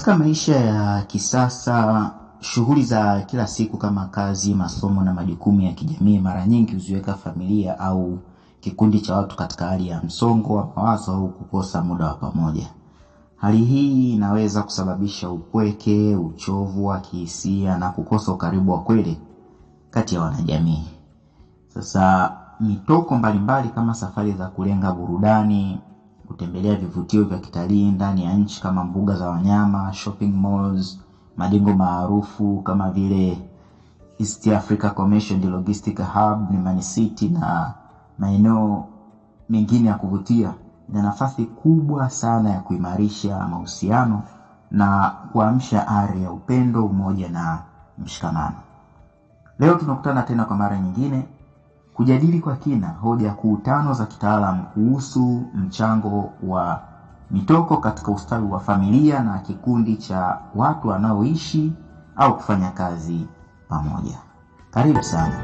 Katika maisha ya kisasa, shughuli za kila siku kama kazi, masomo na majukumu ya kijamii mara nyingi huziweka familia au kikundi cha watu katika hali ya msongo wa mawazo au kukosa muda wa pamoja. Hali hii inaweza kusababisha upweke, uchovu wa kihisia na kukosa ukaribu wa kweli kati ya wanajamii. Sasa mitoko mbalimbali kama safari za kulenga burudani, kutembelea vivutio vya kitalii ndani ya nchi kama mbuga za wanyama, shopping malls, majengo maarufu kama vile East Africa Commercial Logistic Hub, Mlimani City na maeneo mengine ya kuvutia, ina nafasi kubwa sana ya kuimarisha mahusiano na kuamsha ari ya upendo, umoja na mshikamano. Leo tunakutana tena kwa mara nyingine kujadili kwa kina hoja kuu tano za kitaalamu kuhusu mchango wa mitoko katika ustawi wa familia na kikundi cha watu wanaoishi au kufanya kazi pamoja. Karibu sana.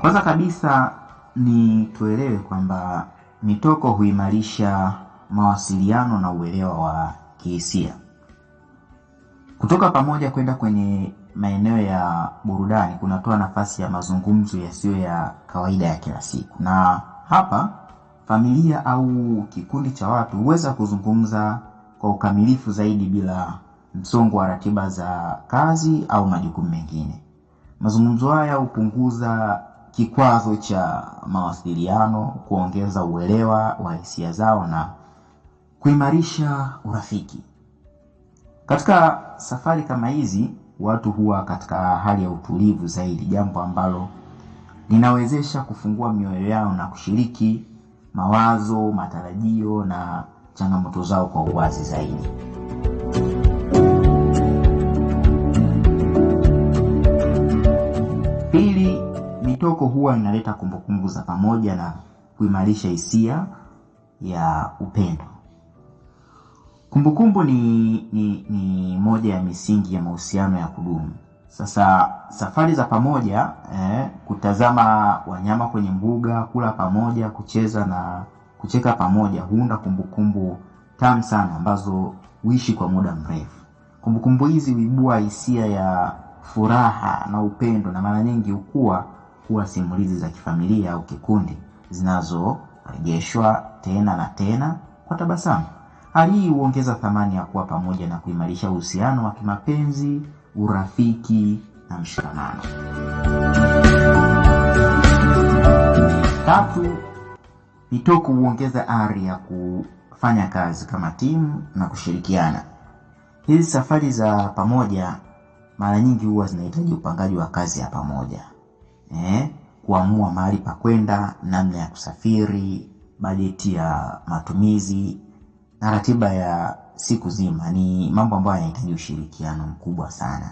Kwanza kabisa ni tuelewe kwamba mitoko huimarisha mawasiliano na uelewa wa kihisia. Kutoka pamoja kwenda kwenye maeneo ya burudani kunatoa nafasi ya mazungumzo yasiyo ya kawaida ya kila siku, na hapa familia au kikundi cha watu huweza kuzungumza kwa ukamilifu zaidi bila msongo wa ratiba za kazi au majukumu mengine. Mazungumzo haya hupunguza kikwazo cha mawasiliano, kuongeza uelewa wa hisia zao na kuimarisha urafiki. Katika safari kama hizi watu huwa katika hali ya utulivu zaidi, jambo ambalo linawezesha kufungua mioyo yao na kushiriki mawazo, matarajio na changamoto zao kwa uwazi zaidi. Pili, mitoko huwa inaleta kumbukumbu za pamoja na kuimarisha hisia ya upendo. Kumbukumbu ni, ni, ni moja ya misingi ya mahusiano ya kudumu. Sasa safari za pamoja eh, kutazama wanyama kwenye mbuga, kula pamoja, kucheza na kucheka pamoja huunda kumbukumbu tamu sana ambazo huishi kwa muda mrefu. Kumbukumbu hizi huibua hisia ya furaha na upendo, na mara nyingi hukua kuwa simulizi za kifamilia au kikundi zinazorejeshwa tena na tena kwa tabasamu. Hali hii huongeza thamani ya kuwa pamoja na kuimarisha uhusiano wa kimapenzi, urafiki na mshikamano. Tatu, mitoku huongeza ari ya kufanya kazi kama timu na kushirikiana. Hizi safari za pamoja mara nyingi huwa zinahitaji upangaji wa kazi ya pamoja eh, kuamua mahali pa kwenda, namna ya kusafiri, bajeti ya matumizi na ratiba ya siku zima ni mambo ambayo yanahitaji ushirikiano mkubwa sana.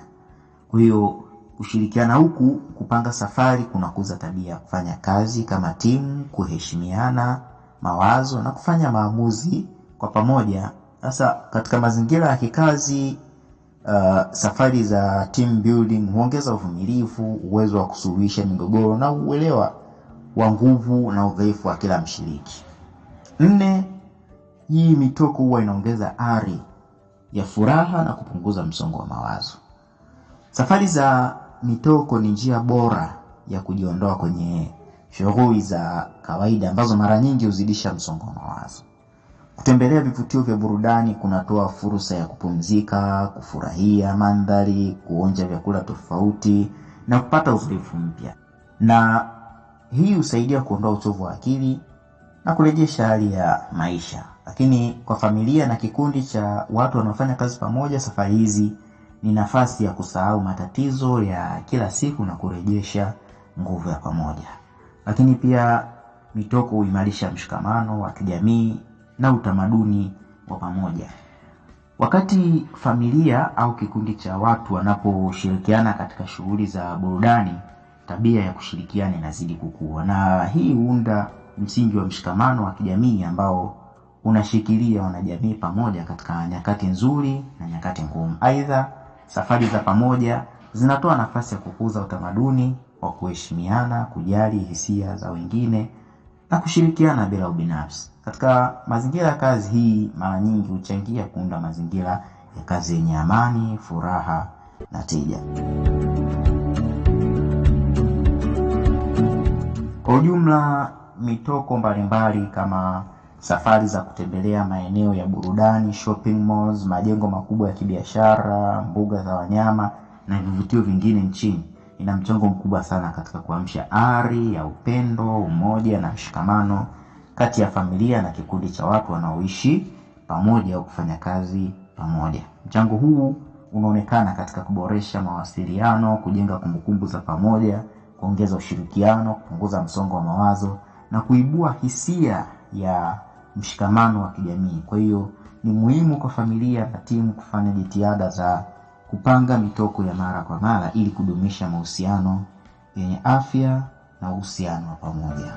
Kwa hiyo kushirikiana huku, kupanga safari kunakuza tabia ya kufanya kazi kama timu, kuheshimiana mawazo na kufanya maamuzi kwa pamoja. Sasa katika mazingira ya kikazi uh, safari za team building huongeza uvumilivu, uwezo wa kusuluhisha migogoro na uelewa wa nguvu na udhaifu wa kila mshiriki. Nne, hii mitoko huwa inaongeza ari ya furaha na kupunguza msongo wa mawazo. Safari za mitoko ni njia bora ya kujiondoa kwenye shughuli za kawaida ambazo mara nyingi huzidisha msongo wa mawazo. Kutembelea vivutio vya burudani kunatoa fursa ya kupumzika, kufurahia mandhari, kuonja vyakula tofauti na kupata uzoefu mpya, na hii husaidia kuondoa uchovu wa akili na kurejesha hali ya maisha. Lakini kwa familia na kikundi cha watu wanaofanya kazi pamoja, safari hizi ni nafasi ya kusahau matatizo ya kila siku na kurejesha nguvu ya pamoja. Lakini pia mitoko huimarisha mshikamano wa kijamii na utamaduni wa pamoja. Wakati familia au kikundi cha watu wanaposhirikiana katika shughuli za burudani, tabia ya kushirikiana inazidi kukua, na hii huunda msingi wa mshikamano wa kijamii ambao unashikilia wanajamii pamoja katika nyakati nzuri na nyakati ngumu. Aidha, safari za pamoja zinatoa nafasi ya kukuza utamaduni wa kuheshimiana, kujali hisia za wengine na kushirikiana bila ubinafsi. Katika mazingira ya kazi, hii mara nyingi huchangia kuunda mazingira ya kazi yenye amani, furaha na tija. Kwa ujumla mitoko mbalimbali kama safari za kutembelea maeneo ya burudani, shopping malls, majengo makubwa ya kibiashara, mbuga za wanyama na vivutio vingine nchini. Ina mchango mkubwa sana katika kuamsha ari ya upendo, umoja na mshikamano kati ya familia na kikundi cha watu wanaoishi pamoja au kufanya kazi pamoja. Mchango huu unaonekana katika kuboresha mawasiliano, kujenga kumbukumbu za pamoja, kuongeza ushirikiano, kupunguza msongo wa mawazo na kuibua hisia ya mshikamano wa kijamii. Kwa hiyo ni muhimu kwa familia na timu kufanya jitihada za kupanga mitoko ya mara kwa mara ili kudumisha mahusiano yenye afya na uhusiano wa pamoja.